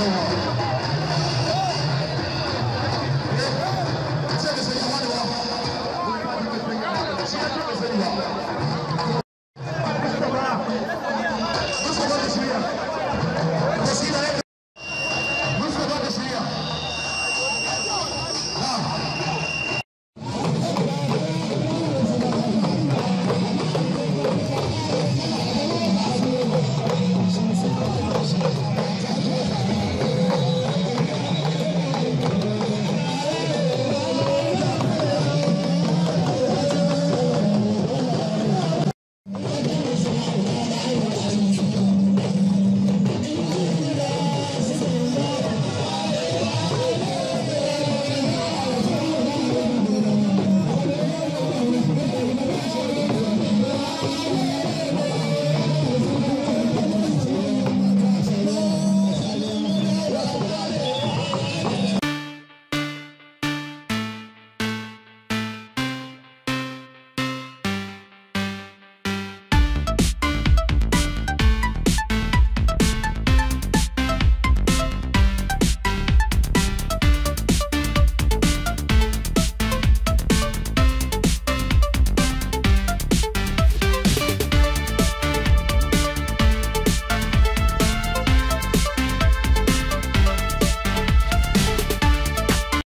Oh,